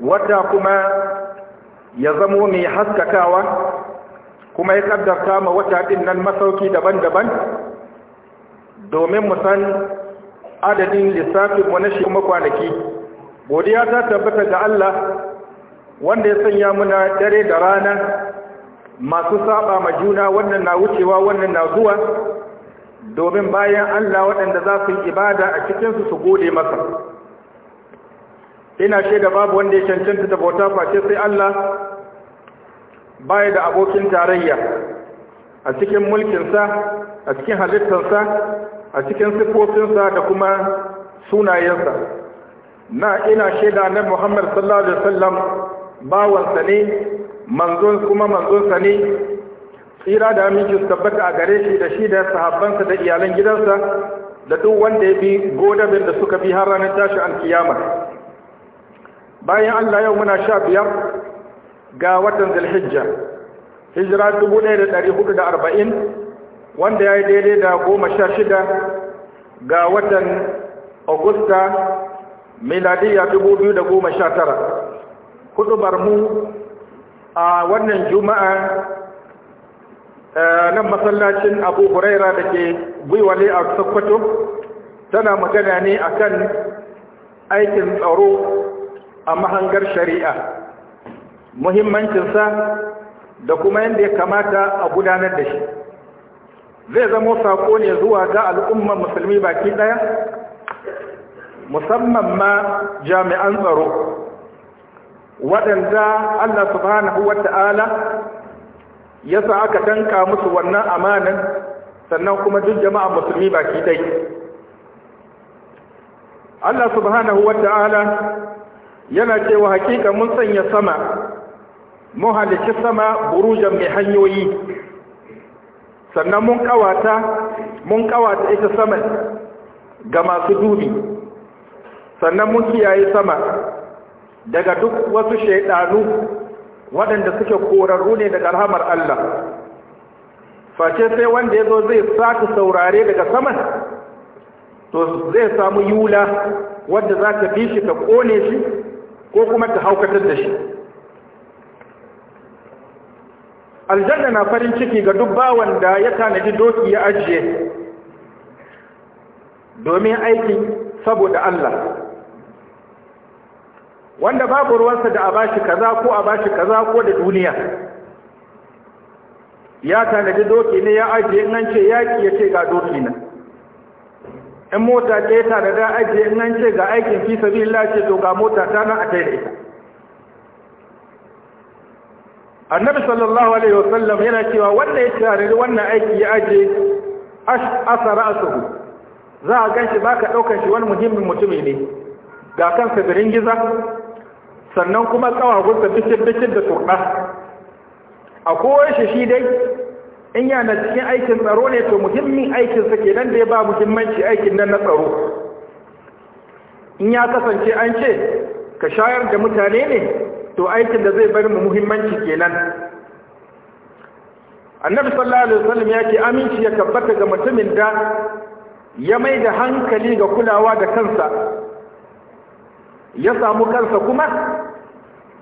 wata kuma ya zamo mai haskakawa kuma ya kaddarta ma wata dinnan nan masauki daban-daban domin mu san adadin lissafin mu na shi kuma kwanaki godiya ta tabbata ga Allah wanda ya sanya muna dare da rana masu saba ma juna wannan na wucewa wannan na zuwa domin bayan Allah waɗanda za su yi ibada a cikinsu su gode masa ina shaida babu wanda ya cancanta da bauta face sai Allah baya da abokin tarayya a cikin mulkinsa a cikin halittarsa a cikin sifofinsa da kuma sunayensa na ina shaida na Muhammad sallallahu alaihi wasallam bawansa ne manzon kuma manzonsa ne tsira da aminci tabbata a gare shi da shi da sahabbansa da iyalan gidansa da duk wanda ya bi godabin da suka bi har ranar tashi alkiyama bayan Allah yau muna sha biyar ga watan zulhijja hijira 1440 wanda ya yi daidai da goma sha shida ga watan augusta miladiya tara. hudubar mu a wannan juma'a eh, nan masallacin abu huraira da ke gwiwale a sokoto tana magana ne akan aikin tsaro a mahangar shari'a muhimmancinsa da kuma yadda ya kamata a gudanar da shi zai zama saƙo ne zuwa ga al'umman musulmi baki ɗaya musamman ma jami'an tsaro waɗanda Allah subhanahu wa ta'ala ya sa aka danka musu wannan amanan sannan kuma duk jama'a musulmi baki ɗaya Allah subhanahu wa ta'ala yana cewa hakika mun sanya sama mun halicci sama burujan mai hanyoyi sannan mun kawata mun kawata ita sama ga masu dubi sannan mun kiyaye sama daga duk wasu shaidanu waɗanda suke korarru ne daga alhamar Allah face sai wanda ya zo zai saka saurare daga saman to zai samu yula wanda za ta bi shi ka kone shi ko kuma ta haukatar da shi aljanna na farin ciki ga duk bawan da ya tanadi doki ya ajiye domin aiki saboda Allah wanda babu ruwansa da a bashi kaza ko a bashi kaza ko da duniya ya tanadi doki ne ya ajiye nan ce yaki ya ce ga doki na. Yan mota ta ta da da ajiye in an ce ga aikin fi sabilillah ce to ga mota ta nan a yi da ita annabi sallallahu alaihi wasallam yana cewa wanda ya tare wannan aiki ya aje a ra'suhu za a ganshi baka ɗaukar shi wani muhimmin mutumi ne ga kansa birin giza sannan kuma tsawagunsa da bikin da turda a shi shi dai in yana cikin aikin tsaro ne to muhimmin aikinsa kenan da ya ba muhimmanci aikin nan na tsaro in ya kasance an ce ka shayar da mutane ne to aikin da zai bari mu muhimmanci kenan annabi sallallahu alaihi wasallam ya ce aminci ya tabbata ga mutumin da ya mai da hankali ga kulawa da kansa ya samu kansa kuma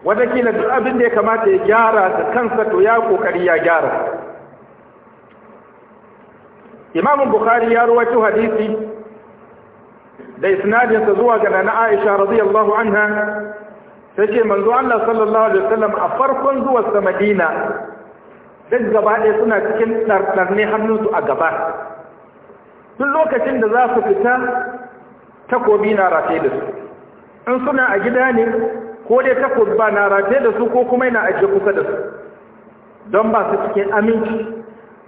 wadakila duk abin da ya kamata ya gyara da kansa to ya kokari ya gyara imamun bukhari ya ruwaito hadisi da isnadinsa zuwa ga nana aisha radiyallahu anha sai ce manzo Allah sallallahu alaihi wasallam a farkon zuwa sa Madina duk gaba ɗaya suna cikin ɗarɗarne hannunsu a gaba duk lokacin da za su fita takobi na rafe da su in suna a gida ne ko dai takobi ba na rafe da su ko kuma yana ajiye kusa da su don ba su cikin aminci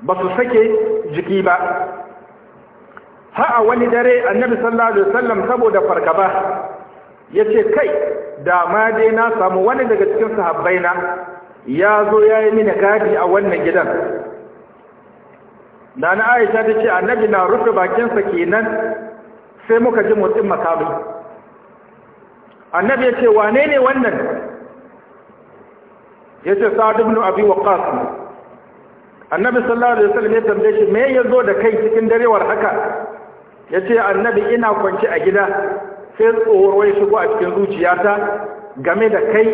ba su sake jiki ba Ha'a, wani dare annabi sallallahu alaihi wasallam saboda farkaba yace kai da ma dai na samu wani daga cikin sahabbaina ya zo ya mini gadi a wannan gidan da aisha tace annabi na rufe bakinsa kenan sai muka ji motsin makabi annabi yace ce wane ne wannan yace ce sa'ad ibn abi waqqas annabi sallallahu alaihi wasallam ya tambaye shi me ya zo da kai cikin darewar haka ya ce annabi ina kwanci a gida sai tsoro ya shigo a cikin zuciyata game da kai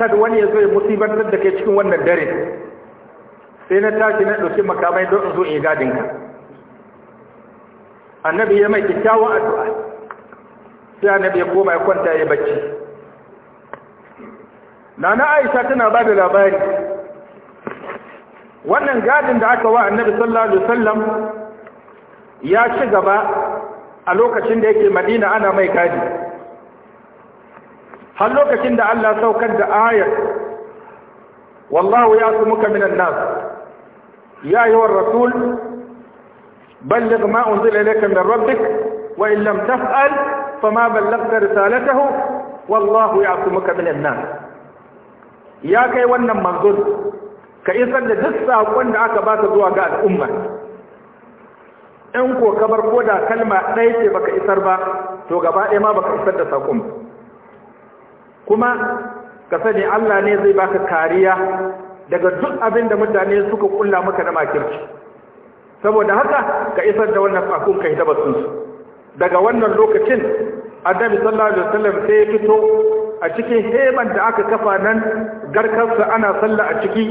kada wani ya zo ya musibantar da kai cikin wannan dare sai na tashi na ɗauki makamai don in zo in gadinka annabi ya mai kyakkyawan addu'a sai annabi ya koma ya kwanta ya bacci nana aisha tana ba da labari wannan gadin da aka wa annabi sallallahu alaihi wasallam ya ci gaba a lokacin da yake madina ana mai gadi har lokacin da Allah saukar da ayar wallahu ya su muka minan nas ya yi rasul balligh ma unzila ilayka min rabbik wa in lam taf'al fama ballaghta risalatahu wallahu ya muka minan nas ya kai wannan manzon ka isar da duk saƙon da aka ba baka zuwa ga al'umma in ko ko da kalma ɗaya ce baka isar ba to gaba ɗaya ma baka isar da saƙon kuma ka sani Allah ne zai baka kariya daga duk abin da mutane suka kulla maka na makirci saboda haka ka isar da wannan saƙon ka hidaba sun daga wannan lokacin annabi sallallahu alaihi wasallam sai ya fito a cikin heman da aka kafa nan garkarsa ana sallah a ciki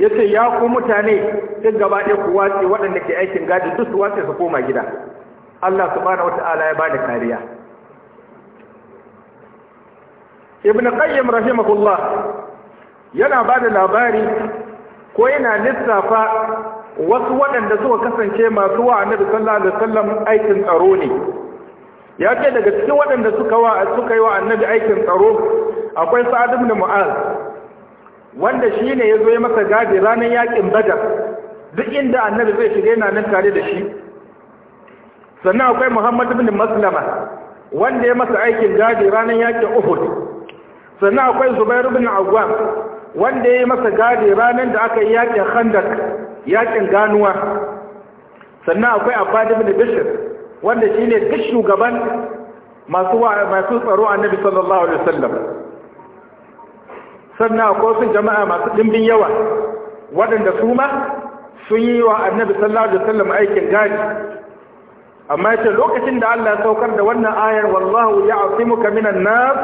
ya ce ya ku mutane duk gaba ɗaya ku watsi waɗanda ke aikin gadi duk su watsi su koma gida Allah subhanahu wata'ala ya bada kariya Ibn Qayyim rahimahullah yana bada labari ko yana lissafa wasu waɗanda suka kasance masu wa annabi sallallahu alaihi wasallam aikin tsaro ne ya ce daga cikin waɗanda suka wa suka yi wa annabi aikin tsaro akwai Sa'ad ibn Mu'az wanda shi ne ya zo ya masa gadi ranar yakin badar duk inda annabi zai shiga yana nan tare da shi sannan akwai muhammad ibn maslama wanda ya masa aikin gadi ranar yakin uhud sannan akwai zubair ibn awwam wanda ya masa gadi ranar da aka yi yakin khandak yakin ganuwa sannan akwai abbad ibn bishr wanda shine duk shugaban masu masu tsaro annabi sallallahu alaihi wasallam sannan akwai wasu jama'a masu ɗimbin yawa waɗanda su ma sun yi wa annabi sallallahu alaihi wasallam aikin gadi amma yace lokacin da Allah ya saukar da wannan ayar wallahu ya'simuka minan nas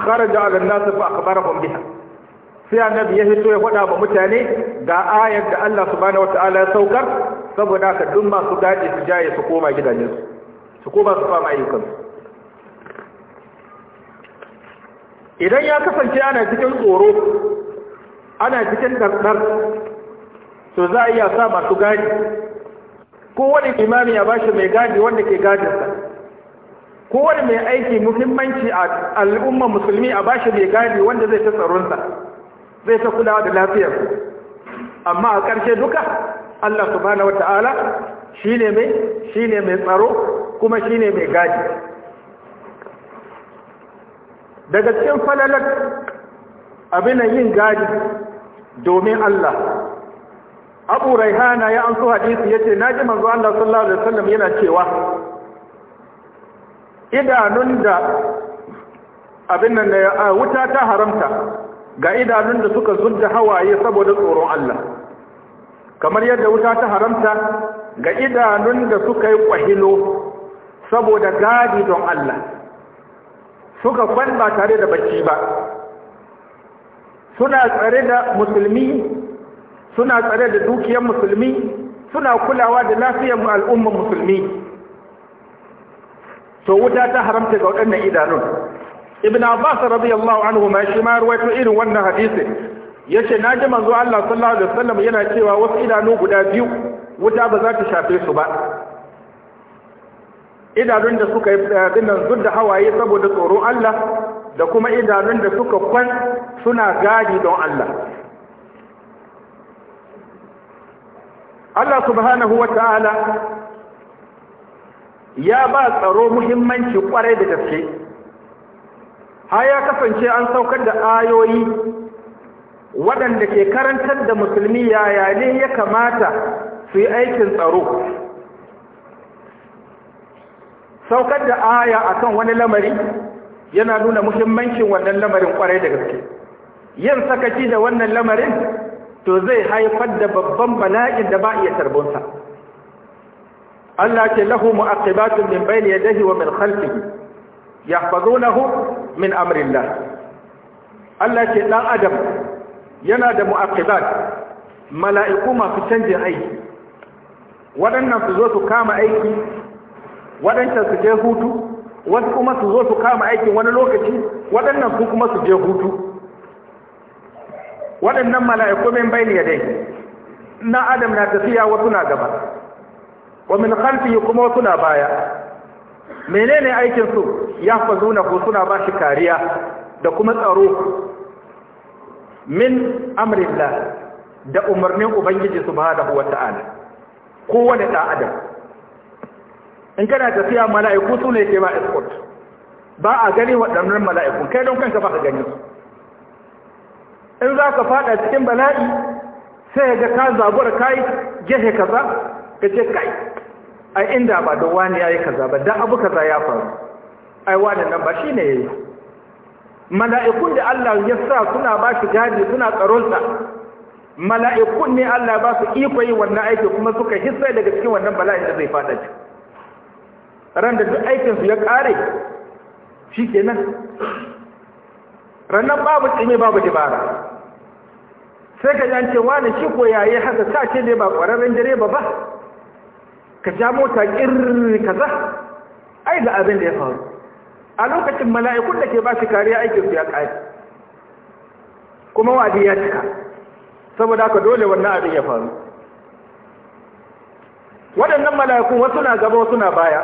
kharaja 'ala an-nas fa akhbarahum biha sai annabi ya hito ya faɗa wa mutane ga ayar da Allah subhanahu wata'ala ya saukar saboda ka duk masu gadi su jaye su koma gidajensu su koma su fama ayyukansu idan ya kasance ana cikin tsoro ana cikin ɗarɗar to za a iya sa masu gadi ko wani imami ya bashi mai gadi wanda ke gadinsa ko wani mai aiki muhimmanci a al'umma musulmi a bashi mai gadi wanda zai ta tsaronsa zai ta kulawa da lafiyar amma a ƙarshe duka Allah subhanahu wata'ala shine mai shine mai tsaro kuma shine mai gadi daga cikin falalar abin yin gadi domin Allah abu raihana ya an so hadisi ya ce naji manzo Allah sallallahu alaihi wasallam yana cewa idanun da abin nan wuta ta haramta ga idanun da suka zunta hawaye saboda tsoron Allah kamar yadda wuta ta haramta ga idanun da suka yi kwahilo saboda gadi don Allah suka kwan ba tare da bacci ba suna tsare da musulmi suna tsare da dukiyar musulmi suna kulawa da lafiyar al'ummar musulmi to wuta ta haramta ga waɗannan idanun ibn abbas radiyallahu anhu ma shi ma ruwaito irin wannan hadisi yace ji manzo Allah sallallahu alaihi wasallam yana cewa wasu idanu guda biyu wuta ba za ta shafe su ba idanun da suka yi dinnan eh, zud da hawaye saboda tsoron Allah da kuma idanun da suka kwan suna gadi don Allah Allah subhanahu wa ta'ala ya ba tsaro muhimmanci kwarai da gaske har ya kasance an saukar da ayoyi waɗanda ke karantar da musulmi yaya ya kamata su yi aikin tsaro saukar da aya akan wani lamari yana nuna muhimmancin wannan lamarin kwarai da gaske yin sakaci da wannan lamarin to zai haifar da babban bala'in da ba iya tarbonsa Allah ce lahu mu'aqibatun min bayni yadihi wa min khalfihi yahfazunahu min amrillah Allah ce dan adam yana da mu'aqibat mala'iku masu canjin aiki waɗannan su zo su kama aiki waɗancan su je hutu wasu kuma su zo su kama aikin wani lokaci waɗannan su kuma su je hutu waɗannan mala'iku min bayni yadai na adam na tafiya wasu na gaba wa min khalfihi kuma wasu na baya menene aikin su na ko suna ba shi kariya da kuma tsaro min amrillah da umarnin ubangiji subhanahu wata'ala kowane ɗan adam in kana tafiya mala'iku su ne ke ba escort ba a gani waɗannan mala'ikun kai don kanka ba ka gani in za ka fada cikin bala'i sai ga ka zabura kai gehe kaza ka ce kai ai inda ba da wani yayi kaza ba da abu kaza ya faru ai wani nan ba shine yayi mala'ikun da Allah ya sa suna ba shi gadi suna tsaronsa mala'ikun ne Allah ba su iko yi wannan aiki kuma suka hissa daga cikin wannan bala'in da zai fada cikin ran da duk aikinsu ya ƙare shi kenan rannan babu tsime babu dabara sai ka yance wani shi ko yayi haka ta ce ne ba ƙwararren direba ba ka ja mota ƙirri kaza ai da abin da ya faru a lokacin mala'ikun da ke ba shi kariya aikinsu ya ƙare kuma wadi ya cika saboda haka dole wannan abin ya faru waɗannan mala'iku wasu na gaba wasu na baya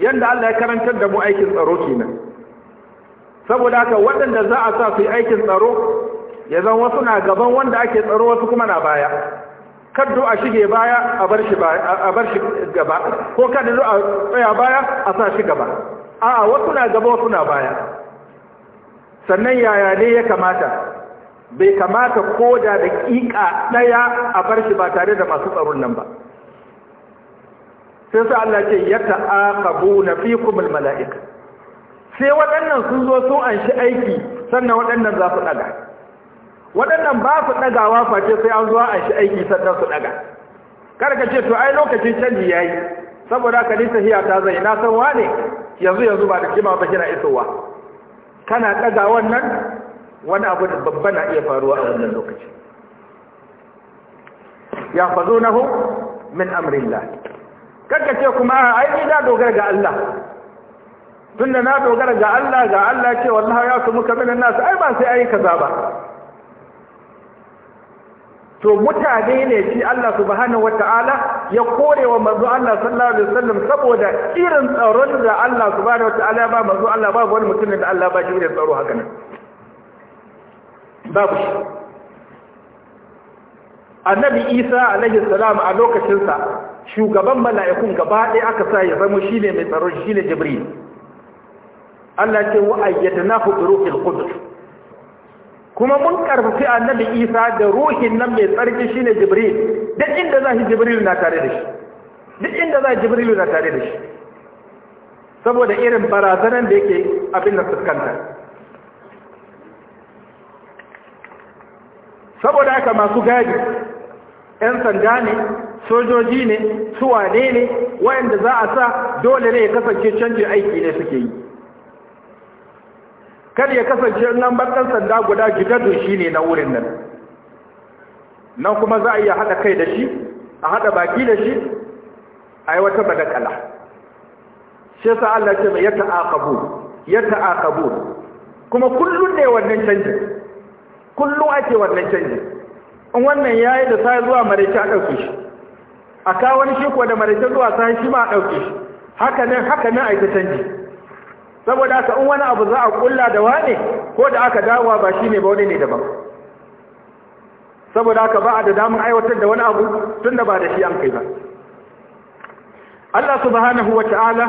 yadda Allah ya karantar da mu aikin tsaro kenan saboda haka waɗanda za a sa su yi aikin tsaro ya zan wasu na gaban wanda ake tsaro wasu kuma na baya kaddo a shige baya a bar shi gaba ko kaddo a tsaya baya a sa shi gaba a'a wasu na gaba wasu na baya sannan yaya ne ya kamata bai kamata ko da daƙiƙa ɗaya a bar shi ba tare da masu tsaron nan ba sai sai Allah ce ya ta'aqabu na fi mala'ika sai waɗannan sun zo sun anshi aiki sannan waɗannan za su daga waɗannan ba su dagawa face sai an zo an shi aiki sannan su daga kar ka ce to ai lokacin canji yayi saboda ka nisa hiya ta zai na san wane yanzu yanzu ba da kima ba kina isowa kana daga wannan wani abu da babba na iya faruwa a wannan lokaci ya fazo na hu min amrillah kaka ce kuma a ai na dogara ga Allah tunda na dogara ga Allah ga Allah ce wallahi ya su muka minan nasu ai ba sai ai kaza ba to mutane ne shi Allah subhanahu wata'ala ya kore wa manzo Allah sallallahu alaihi wasallam saboda irin tsaron da Allah subhanahu wata'ala ba manzo Allah ba wani mutumin da Allah ba shi ne tsaro haka nan babu shi annabi Isa alaihi salam a lokacin sa shugaban mala'ikun gaba ɗaya aka sa ya zama shine mai tsaro shine jibril Allah ce wa na fi ruhil qudus kuma mun karfafi annabi Isa da ruhin nan mai tsarki shine jibril duk inda za shi jibril na tare da shi duk inda za jibril na tare da shi saboda irin barazanan da yake abin da fuskanta saboda aka masu gadi 'yan sanda ne sojoji ne su wane ne wayanda za a sa dole ne ya kasance canjin aiki ne suke yi kar ya kasance nan ɗan sanda guda gidadun shi ne na wurin nan nan kuma za a iya haɗa kai da shi a haɗa baki da shi a yi wata badakala shi sa Allah ce mai ya ta'aqabu ya ta'aqabu kuma kullun ne wannan canji kullu ake wannan canji in wannan yayi da sai zuwa mare ta ɗauke shi a kawo wani shi kuwa da maraice zuwa sai shi ma a ɗauke shi haka nan haka nan a yi ta canji saboda haka in wani abu za a kulla da wane ko da aka dawowa ba shi ne ba wani ne daban saboda haka ba a da damar aiwatar da wani abu tun ba da shi an kai ba Allah subhanahu wa ta'ala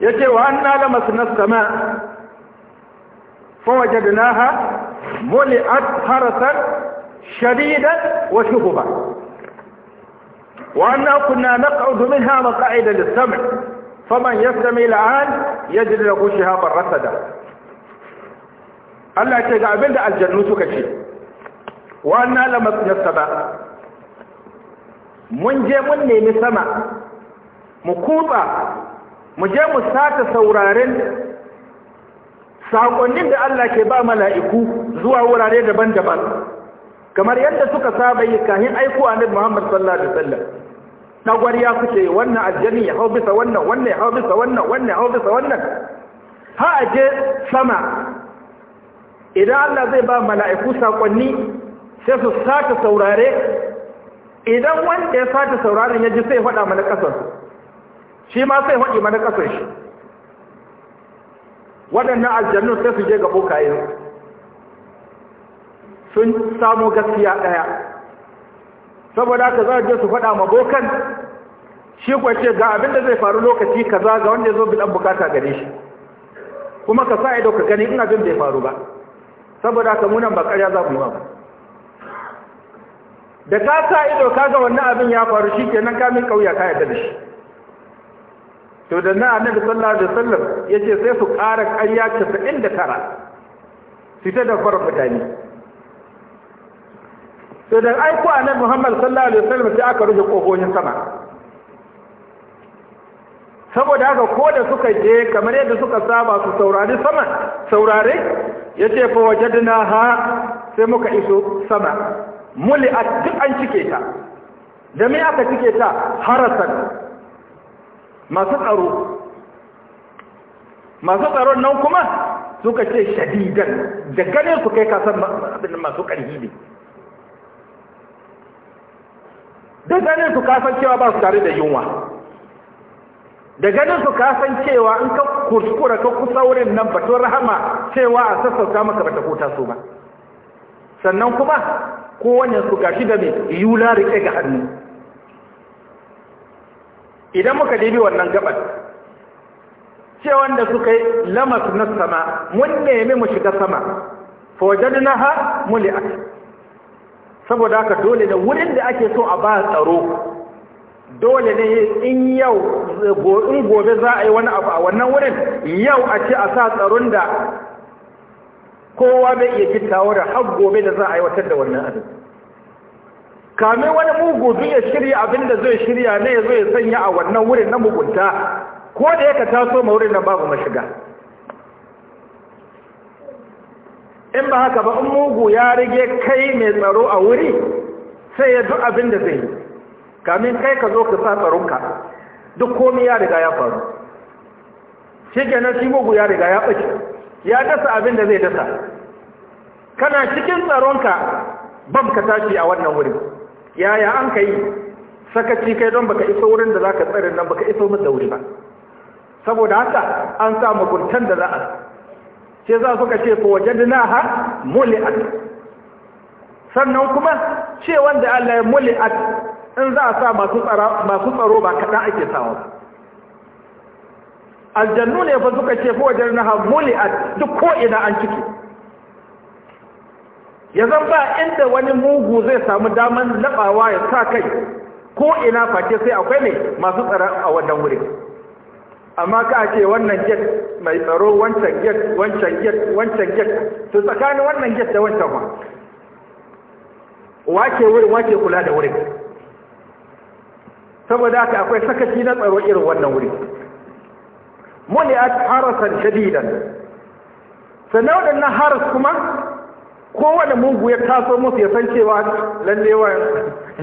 ya wa anna nala masu sama fa wajadnaha naha harasan harasar shadidan wa shuhuba وأنا كنا نقعد منها مقاعد للسمع فمن يستمع الآن يجد له شهابا رصدا Allah ce ga abinda aljannu suka ce wannan lamasiyar sama mun je mun nemi sama mu kuba mu je mu sata sauraren saƙonnin da Allah ke ba mala'iku zuwa wurare daban-daban kamar yadda suka saba yi kahin aiko nan Muhammad sallallahu alaihi wasallam dagwariya kuke wannan aljani ya hau bisa wannan wannan ya hau bisa wannan wannan ya hau bisa wannan ha aje sama idan Allah zai ba mala'iku sakonni sai su sata saurare idan wanda ya sata sauraren ya ji sai faɗa mana ƙasar shi ma sai faɗi mana ƙasar shi waɗannan aljannu sai su je ga bokayen sun samu gaskiya ɗaya saboda ka za a je su faɗa ma bokan shi kwace ga abin da zai faru lokaci kaza ga wanda ya zo bidan bukata gare shi kuma ka sa ido ka gani ina bin bai faru ba saboda ka munan ba ƙarya za mu yi ba da ka sa ido kaga wannan abin ya faru shi ke ka min kauya ka yadda da shi to da na sallar da sallar ya yace sai su ƙara ƙarya 99 fita da farar mutane sai dan aiko annabi Muhammad sallallahu alaihi wasallam sai aka rufe kofofin sama saboda haka ko da suka je kamar yadda suka saba su saurari sama saurare yace fa wajadna ha sai muka iso sama muli duk an cike ta da me aka cike ta harasan masu tsaro masu tsaron nan kuma suka ce shadidan da ganin su kai kasan masu ƙarfi ne duk ganin su kasan cewa ba su tare da yunwa da ganin su kasan cewa in ka kuskura ka kusa wurin nan batun rahama cewa a sassauta maka bata kuta su ba sannan kuma kowane su gashi da mai yula rike ga hannu idan muka dibi wannan gabar cewan da suka yi lamas na sama mun nemi mu shiga sama ha muli'at saboda haka dole ne wurin da ake so a ba tsaro dole ne in yau in gobe za a yi wani abu a wannan wurin yau a ce a sa tsaron da kowa bai iya gittawa da har gobe da za a aiwatar da wannan abin kame wani mugu duk ya shirya abin da zai shirya ne ya zo ya sanya a wannan wurin na mugunta ko da yaka taso ma wurin nan babu mashiga in ba haka ba in mugu ya rige kai mai tsaro a wuri sai ya duk abin da zai yi kamin kai ka zo ka sa tsaronka duk komi ya riga ya faru shi kenan shi mugu ya riga ya ɓace ya dasa abin da zai dasa kana cikin tsaronka ban ka tashi a wannan wurin yaya an ka yi sakaci kai don baka iso wurin da za ka tsarin nan baka iso masa wuri ba saboda haka an sa muguntan da za a sai za suka ce ko muli muli'at sannan kuma ce wanda Allah ya muli'at in za a sa masu tsaro ba kaɗan ake sawa aljannu ne ba suka ce fa wajen na muli a duk ko'ina an ciki ya zan ba inda wani mugu zai samu daman labawa ya sa kai ko'ina face sai akwai ne masu tsara a wannan wurin amma ka ce wannan get mai tsaro wancan get wancan get wancan get to tsakanin wannan get da wancan ma wace wurin wace kula da wurin saboda haka akwai sakaci na tsaro irin wannan wuri muli'at harasan shadidan sannan waɗannan haras kuma kowane mugu ya taso musu ya san cewa lallewa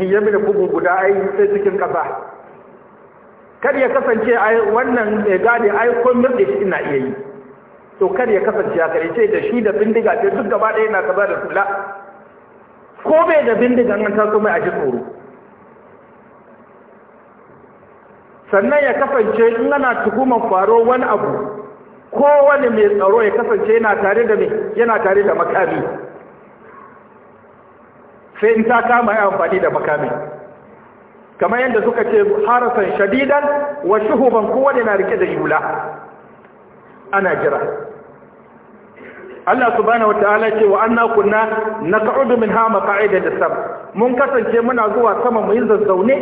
ya mini bugu guda ai sai cikin ƙasa kar ya kasance wannan mai gadi ai kun murde shi ina iya yi to kar ya kasance haka ya ce da shi da bindiga ce duk gaba ɗaya na kaza da sula ko bai da bindiga an taso mai a ji tsoro sannan ya kasance in ana tuhumar faro wani abu kowane mai tsaro ya kasance yana tare da mai yana tare da makami sai in ta kama ya amfani da makami kamar yadda suka ce harasan shadidan wa shuhuban kowane na rike da yula ana jira Allah subhanahu wataala ce wa anna kunna naq'udu minha maq'ida lisam mun kasance muna zuwa sama mu yi zazzaune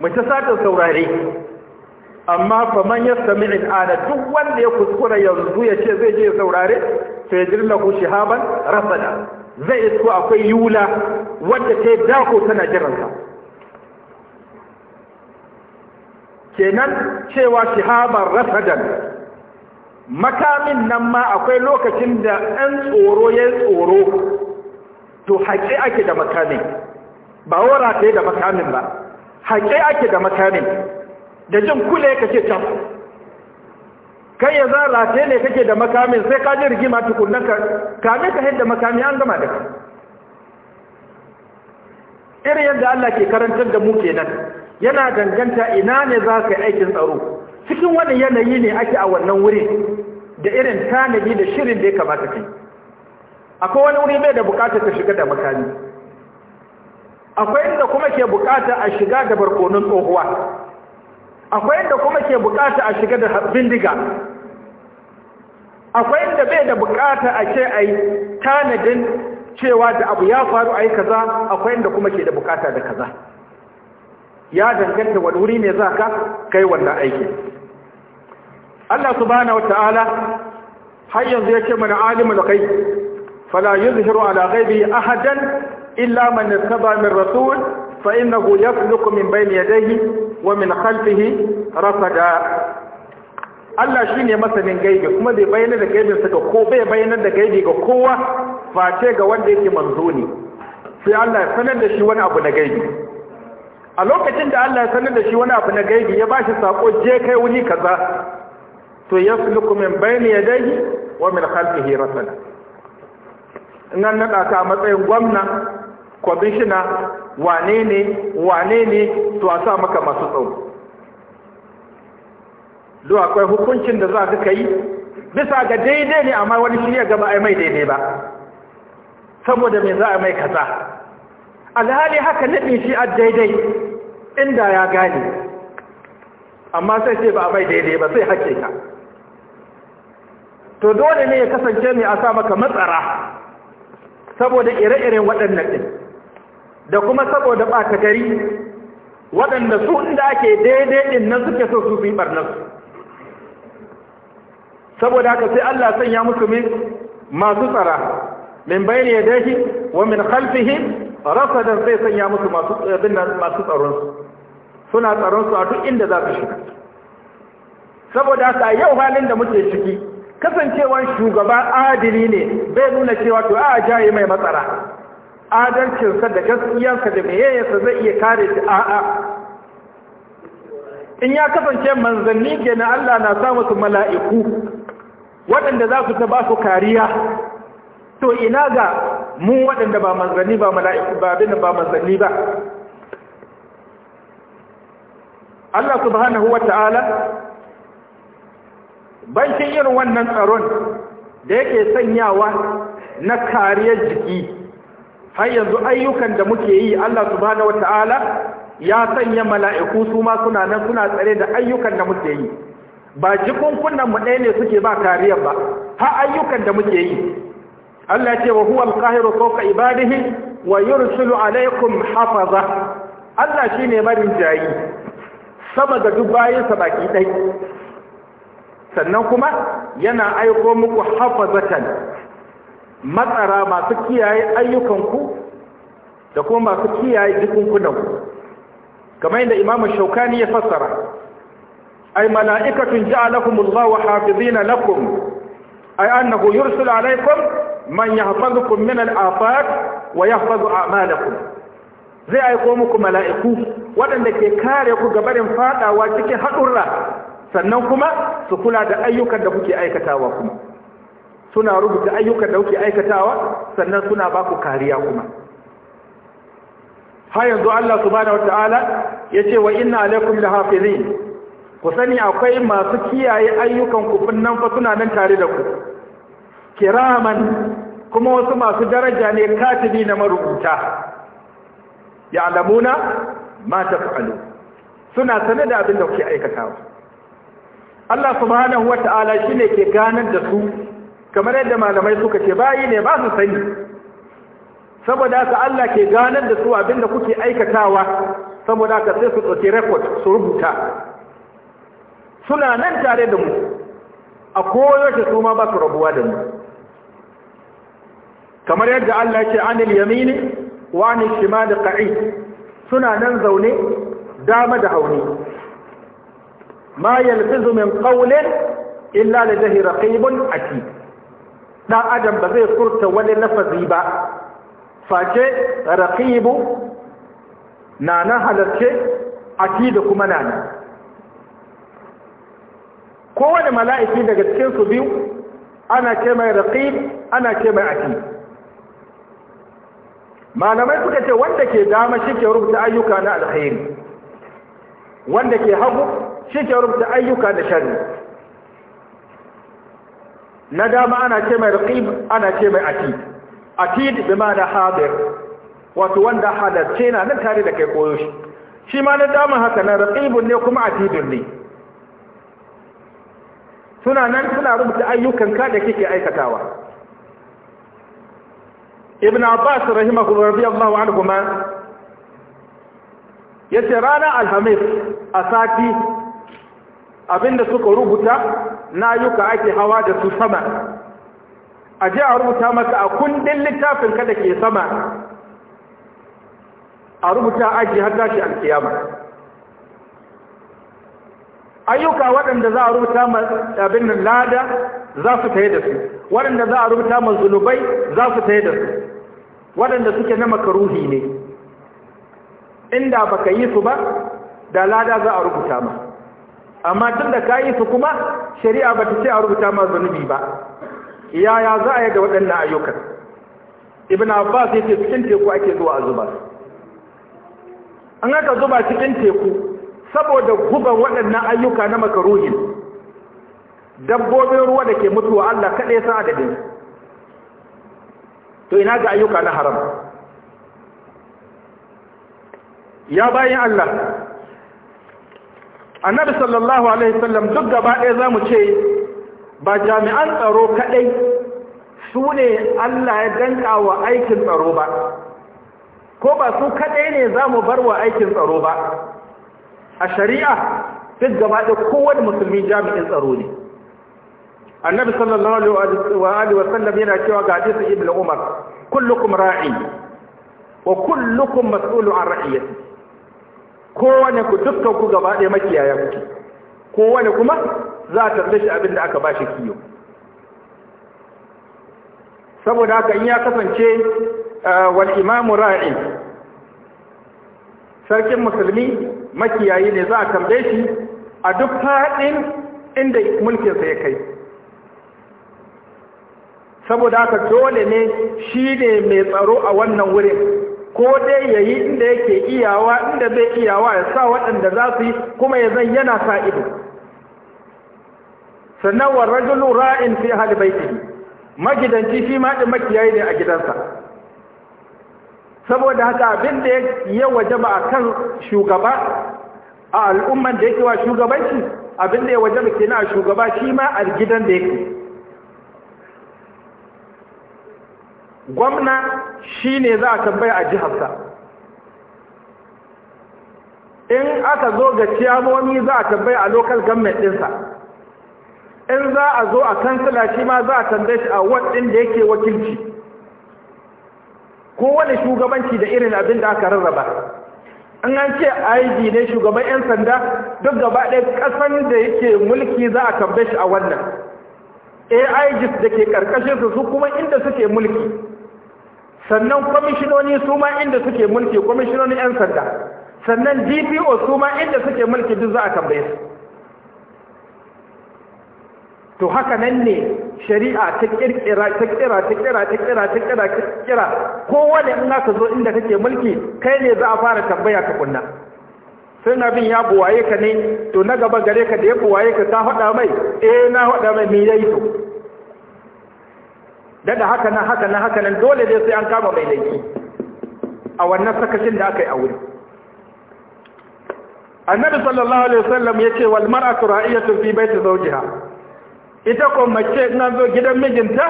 mu ta sata saurare amma fa man yastami al'ana duk wanda ya kuskura yanzu ya ce zai je saurare fa yajri lahu shihaban rasada zai isko akwai yula wadda ta dako tana jiransa kenan cewa shihabar rasadan makamin nan ma akwai lokacin da ɗan tsoro ya tsoro to haƙe ake da makamin ba wara ta da makamin ba haƙe ake da makamin da jin kule kake can kai ya za rataye ne kake da makamin sai ka ji rigima tukunan ka kame ka hidda makami an gama da ka irin yadda Allah ke karantar da mu kenan yana danganta ina ne za ka yi aikin tsaro cikin wani yanayi ne ake a wannan wurin da irin tanadi da shirin da ya kamata kai akwai wani wuri bai da bukatar ka shiga da makami akwai inda kuma ke bukata a shiga da barkonon tsohuwa akwai inda kuma ke bukata a shiga da bindiga akwai inda bai da bukata a ce a yi tanadin cewa da abu ya faru a yi kaza akwai inda kuma ke da bukata da kaza ya danganta wani wuri ne za ka kai wannan aiki Allah subhanahu Ta'ala har yanzu ya ce mana alimul ghaib fala yuzhiru ala a ahadan illa man saba min rasuwar fa ina innahu yafluqu min ya yadayhi wa min rasa da. Allah shi ne masanin gaibi kuma zai bayyana da gaibinsa ga ko bai bayanar da gaibi ga kowa face ga wanda yake manzo ne sai Allah ya sanar da shi wani abu na gaibi a lokacin da Allah ya sanar da shi wani abu na gaibi ya bashi sako je kai wuni kaza to yasluku min bayni yadayhi wa min khalfihi rasala nan na ka a matsayin gwamna kwamishina wane ne wane ne to a sa maka masu tsaro do akwai hukuncin da za ka yi? bisa ga daidai ne amma wani shirya gaba ai mai daidai ba saboda me za a mai kaza alhali haka naɗin shi a daidai inda ya gane amma sai ce ba a bai daidai ba sai hake ka to dole ne ya kasance mai a sa maka matsara saboda ire-iren waɗannan ɗin da kuma saboda ɓata gari waɗanda su inda ake daidai ɗin nan suke so su fi ɓarnarsu saboda haka sai Allah sanya musu min masu tsara min ya yadayhi wa min khalfihi rafadan zai sanya musu masu binnan masu tsaron su suna tsaron su a duk inda za su shiga saboda haka yau halin da muke ciki kasancewan shugaba adili ne bai nuna cewa to a ah, jaye mai matsara adalcinsa da gaskiyarsa da meyayyarsa zai iya kare shi a'a in ya kasance manzanni ke na Allah na sa musu mala'iku waɗanda za su ta ba su kariya to ina ga mu waɗanda ba manzanni ba mala'iku ba abin ba manzanni ba Allah subhanahu wa ta'ala bankin irin wannan tsaron da yake sanyawa na kariyar jiki har yanzu ayyukan da muke yi Allah subhanahu wa ta'ala ya sanya mala'iku su ma suna nan suna tsare da ayyukan da muke yi ba jikunkunan mu ɗaya ne suke ba kariyar ba har ayyukan da muke yi Allah ce wa huwa al-qahiru fawqa ibadihi wa yursilu alaykum hafaza Allah shine marin jayi sama da duk bayansa baki dai sannan kuma yana aiko muku hafazatan matsara masu kiyaye ayyukanku da kuma masu kiyaye jikunkunanku kamar yadda imamu shaukani ya fassara ay mala'ikatun ja'alakumullahu hafizina lakum ay annahu yursilu alaykum man yahfazukum min al-afat wa yahfazu a'malakum zai aiko muku mala'iku waɗanda ke kare ku ga barin fadawa cikin hadurra sannan kuma su kula da ayyukan da kuke aikatawa kuma suna rubuta ayyukan da kuke aikatawa sannan suna ba ku kariya kuma har yanzu Allah subhanahu wata'ala ya ce wa inna alaikum lahafizin ku sani akwai masu kiyaye ayyukan ku nan fa suna nan tare da ku kiraman kuma wasu masu daraja ne katibi na marubuta Ya alamuna ma fa’alu suna sanar da abin da kuke aikatawa Allah subhanahu wata'ala shine ke ganar da su kamar yadda malamai suka ce bayi ne ba su sani saboda haka Allah ke ganar da su abin da kuke aikatawa saboda haka sai su tsoke record su rubuta suna nan tare da mu a koyaushe su ma ba su rabuwa da mu kamar yadda Allah ce anil yamini wa ni shimali qa'i suna nan zaune dama da hauni ma yalfizu min qawli illa ladayhi raqibun ati da adam ba zai furta wani lafazi ba face raqibu na nan halarce da kuma na nan kowane mala'iki daga cikin su biyu ana ce mai raqib ana ce mai ati malamai suka ce wanda ke dama shi ke rubuta ayyuka na alkhairi wanda ke hagu shi ke rubuta ayyuka na sharri na dama ana ce mai raqib ana ce mai atid atid bi ma'ana hadir wato wanda halarce na nan tare da kai koyo shi shi ma na dama haka na raqibun ne kuma atidun ne suna nan suna rubuta ayyukan ka da kike aikatawa ibn abbas rahimahu radiyallahu anhu ma yace rana alhamis a sati abinda suka rubuta na yuka ake hawa da su sama a je a rubuta maka a kundin littafin ka ke sama a rubuta aji har tashi alkiyama ayyuka waɗanda za a rubuta ma abin lada za su taye da su waɗanda za a rubuta ma zunubai za su taye da su waɗanda suke na makaruhi ne inda baka yi su ba da lada za a rubuta ma amma tun da ka yi su kuma shari'a ba ta ce a rubuta ma zunubi ba yaya za a yi da waɗannan ayyukan ibn abbas ya ce cikin teku ake zuwa a zuba an aka zuba cikin teku saboda guban waɗannan ayyuka na makaruhin dabbobin ruwa da ke mutuwa allah kaɗai sa adadin to ina ga ayyuka na haram ya bayan Allah annabi sallallahu alaihi sallam duk gaba ɗaya za mu ce ba jami'an tsaro kaɗai su ne Allah ya danka wa aikin tsaro ba ko ba su kaɗai ne za mu bar wa aikin tsaro ba a shari'a duk gaba ɗaya kowane musulmi jami'in tsaro ne annabi sallallahu alaihi wa sallam yana cewa ga hadisi ibn umar kullukum ra'i wa kullukum mas'ulu an ra'iyati kowane ku dukkan ku gaba ɗaya makiyaya kuke kowane kuma za ta tambaye shi abin da aka ba shi kiyo saboda haka in ya kasance eh, wal imamu ra'i sarkin musulmi makiyayi ne za a tambaye shi a duk faɗin inda mulkinsa ya kai saboda haka dole ne shi ne mai tsaro a wannan wurin ko dai ya yi inda yake iyawa inda zai iyawa ya sa waɗanda za su yi kuma ya zan yana sa ido sannan wa rajulu ra'in fi hali baiti magidanci shi ma din makiyayi ne a gidansa saboda haka abin da ya wajaba akan shugaba a al'umman da yake wa shugabanci abin da ya wajaba kenan a shugaba shi ma a gidan da yake gwamna shi ne za a tambaya a jiharsa in aka zo ga ciyamomi za a tambaya a local government ɗinsa in za a zo a kansila shi ma za a tambaye shi a waɗin da yake wakilci kowane shugabanci da irin abin da aka rarraba an an ce id ne shugaban 'yan sanda duk gaba ɗaya ƙasan da yake mulki za a tambaye shi a wannan aigis da ke ƙarƙashinsu su kuma inda suke mulki sannan kwamishinoni su ma inda suke mulki kwamishinoni 'yan sanda sannan dpo su ma inda suke mulki duk za a tambaye su to haka nan ne shari'a ta kirkira ta kira ta kira ta kira ta kira ta kira kowane in aka zo inda kake mulki kai ne za a fara tambaya ka kunna sai na bin ya buwaye ka ne to na gaba gare ka da ya buwaye ka ta hada mai eh na hada mai me yayi to daga haka nan haka nan haka nan dole zai sai an kama mai laifi a wannan sakashin da aka yi a wuri annabi sallallahu alaihi wasallam yace wal mar'atu ra'iyatu fi baiti zawjiha ita ko mace in an zo gidan mijinta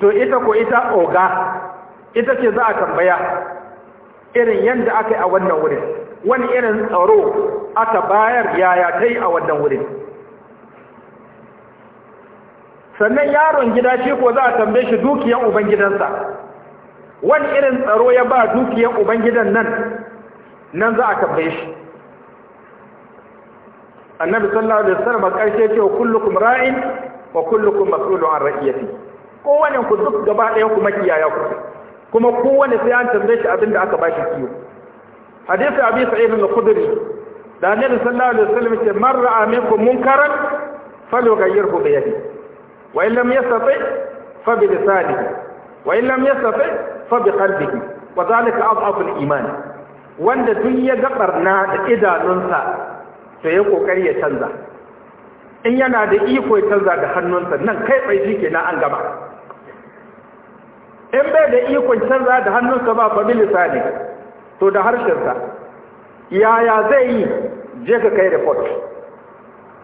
to ita ko ita oga ita ce za a tambaya irin yadda aka yi a wannan wurin wani irin tsaro aka bayar yaya ta yi a wannan wurin sannan yaron gida shi ko za a tambaye shi dukiyan ubangidansa wani irin tsaro ya ba dukiyan ubangidan nan nan za a tambaye shi annabi sallallahu alaihi wasallam karshe ce kullukum ra'in wa kullukum mas'ulun an ra'iyati kowane ku duk gaba ɗaya ku makiyaya ku kuma wani sai an tambaye shi abinda aka ba shi kiyo hadisi abi sa'id al-khudri da annabi sallallahu alaihi wasallam ce man ra'a minkum munkaran falyughayyirhu bi yadihi wa in lam yastati fa bi lisanihi wa in lam yastati fa bi qalbihi wa zalika adhafu al-iman wanda duk ya gabarna da idanunsa sai ya kokari ya canza in yana da iko canza da hannunsa nan kai bai shi kenan an gaba in bai da ikon canza da hannunsa ba fa bi to da harshensa yaya zai yi je ka kai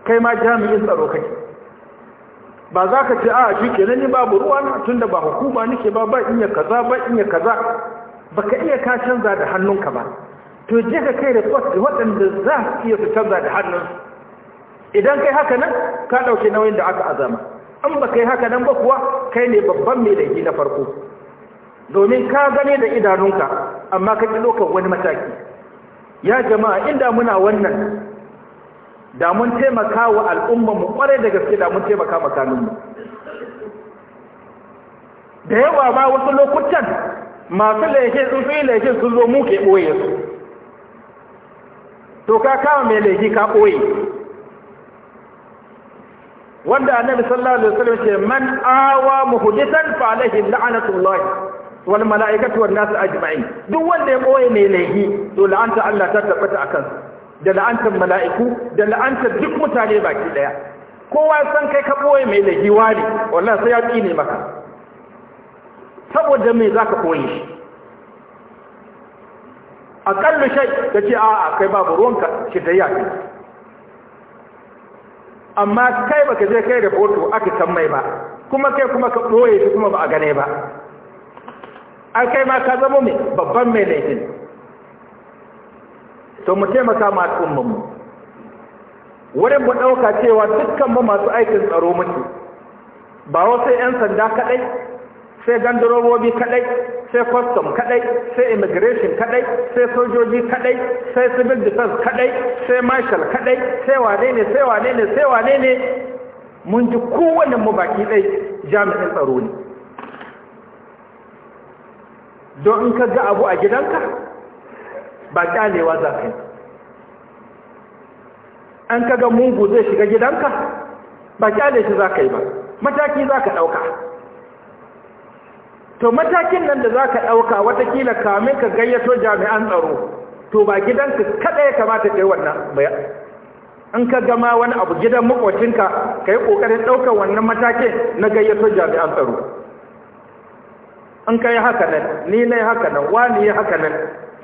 kai ma jami'in tsaro kake ba za ka ce a shi kenan ni babu ruwa na tunda ba hukuma nake ba ba iya kaza ba iya kaza Ba ka iya ka canza da hannunka ba to je ka kai report ga waɗanda za su iya su canza da hannunsu idan kai haka nan ka ɗauki nauyin da aka azama in ba kai haka nan ba kuwa kai ne babban mai laifi na farko domin ka gane da idanunka amma ka ƙi ɗaukar wani mataki ya jama'a inda muna wannan da mun taimaka wa mu kware da gaske da mun taimaka makaninmu da yawa ba wasu lokutan masu laifi sun fi laifi sun zo mu ke ɓoye su to ka kama mai laifi ka ɓoye wanda annabi sallallahu alaihi wasallam ce man awa muhdithan fa alaihi la'natullah wal mala'ikatu wan nas ajma'in duk wanda ya ɓoye mai laifi to la'anta Allah ta tabbata a sa da la'antar mala'iku da la'antar duk mutane baki daya kowa san kai ka boye mai lahiwa ne wallahi sai ya tsine maka saboda me zaka koyi shi akallu shay kace a a kai babu ruwanka shi da yaki amma kai baka je kai rahoto aka san mai ba kuma kai kuma ka boye shi kuma ba a gane ba ai kai ma ka zama mai babban mai laifin to mu taimaka ma al'ummanmu wurin mu ɗauka cewa dukkan mu masu aikin tsaro muke ba wasu 'yan sanda kaɗai sai gandarobobi kaɗai sai custom kaɗai sai immigration kaɗai sai sojoji kaɗai sai civil defense kaɗai sai marshal kaɗai sai wane ne sai wane ne sai wane ne mun ji kowane mu baki ɗai jami'in tsaro ne don in ka ga abu a gidanka ba kyalewa za ka yi an kaga mungu zai shiga gidanka ba kyale shi za ka yi ba mataki za ka ɗauka to matakin nan da za ka ɗauka watakila kamin ka gayyato jami'an tsaro to ba gidanka kada ya kamata ka yi wannan bayan an ka gama wani abu gidan makwacinka ka yi ƙoƙarin ɗaukar wannan matakin na gayyato jami'an tsaro an ka yi haka nan ni na yi haka nan wani yi haka nan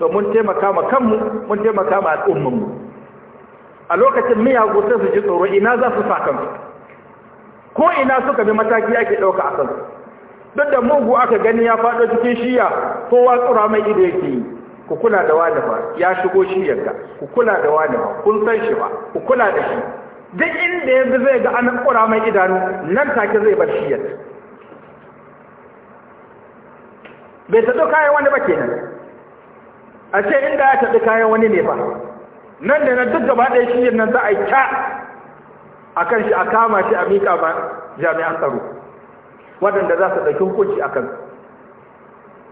to mun taimaka ma kanmu mun taimaka ma mu. a lokacin miya gusa su ji tsoro ina za su sa kansu ko ina suka bi mataki ake ɗauka a kansu duk da mugu aka gani ya faɗo cikin shiya kowa tsura mai ido yake yi ku kula da wani ba ya shigo shiyarka ku kula da wani ba kun san shi ba ku kula da shi duk inda yanzu zai ga an tsura mai idanu nan take zai bar shiyar bai taɗo kayan wani ba kenan a ce inda ya taɓi kayan wani ne ba nan da na duk gaba ɗaya shi nan za a yi ta a kan shi a kama shi a miƙa ba jami'an tsaro waɗanda za su ɗauki hukunci a kan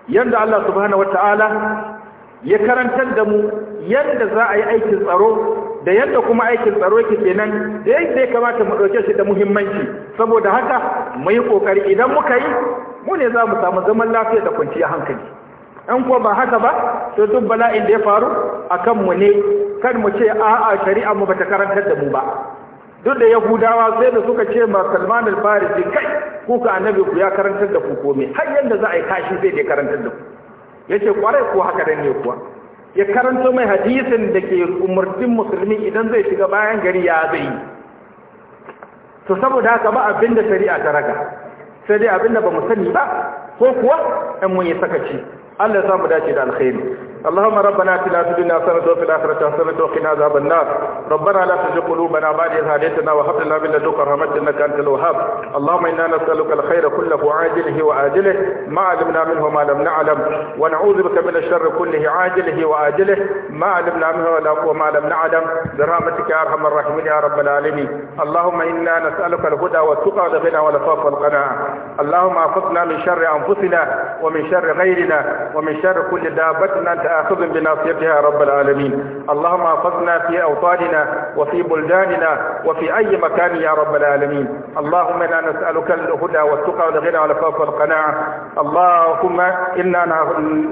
yadda Allah subhanahu wata'ala ya karantar da mu yadda za a yi aikin tsaro da yadda kuma aikin tsaro yake kenan da yadda ya kamata mu ɗauke shi da muhimmanci saboda haka mu yi ƙoƙari idan muka yi mu ne za mu samu zaman lafiya da kwanciyar hankali in kuwa ba haka ba to duk bala'in da ya faru a kanmu ne kan mu ce a'a shari'a mu ta karantar da mu ba duk da yahudawa sai da suka ce ma salman al-farisi kai kuka annabi ku ya karantar da ku komai har yanda za a yi kashi zai da karantar da ku yace kwarai ko haka dan ne kuwa ya karanto mai hadisin da ke umurtin musulmi idan zai shiga bayan gari ya zai to saboda haka ba abinda shari'a ta raga sai dai abinda ba mu sani ba ko kuwa in mun yi sakaci Allah ya samu dace da alkhairi اللهم ربنا اتنا في الدنيا حسنة وفي الآخرة حسنة وقنا عذاب النار ربنا لا تزغ قلوبنا بعد إذ هديتنا وهب لنا من لدنك رحمة إنك أنت الوهاب اللهم إنا نسألك الخير كله عاجله وآجله ما علمنا منه ما لم نعلم ونعوذ بك من الشر كله عاجله وآجله ما علمنا منه وما لم نعلم برحمتك يا أرحم الراحمين يا رب العالمين اللهم إنا نسألك الهدى والتقى والغنى والعفاف والقناعة اللهم أعفظنا من شر أنفسنا ومن شر غيرنا ومن شر كل دابة أنت آخذ بناصيتها رب العالمين اللهم احفظنا في أوطاننا وفي بلداننا وفي أي مكان يا رب العالمين اللهم إنا نسألك الهدى والتقى والغنى والعفاف والقناعة اللهم إنا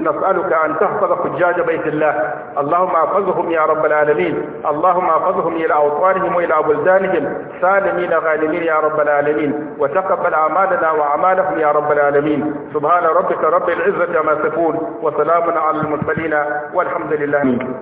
نسألك أن تحفظ حجاج بيت الله اللهم احفظهم يا رب العالمين اللهم احفظهم إلى أوطانهم وإلى بلدانهم سالمين غانمين يا رب العالمين وتقبل أعمالنا وأعمالهم يا رب العالمين سبحان ربك رب العزة ما تكون وسلام على المرسلين أجمعين والحمد لله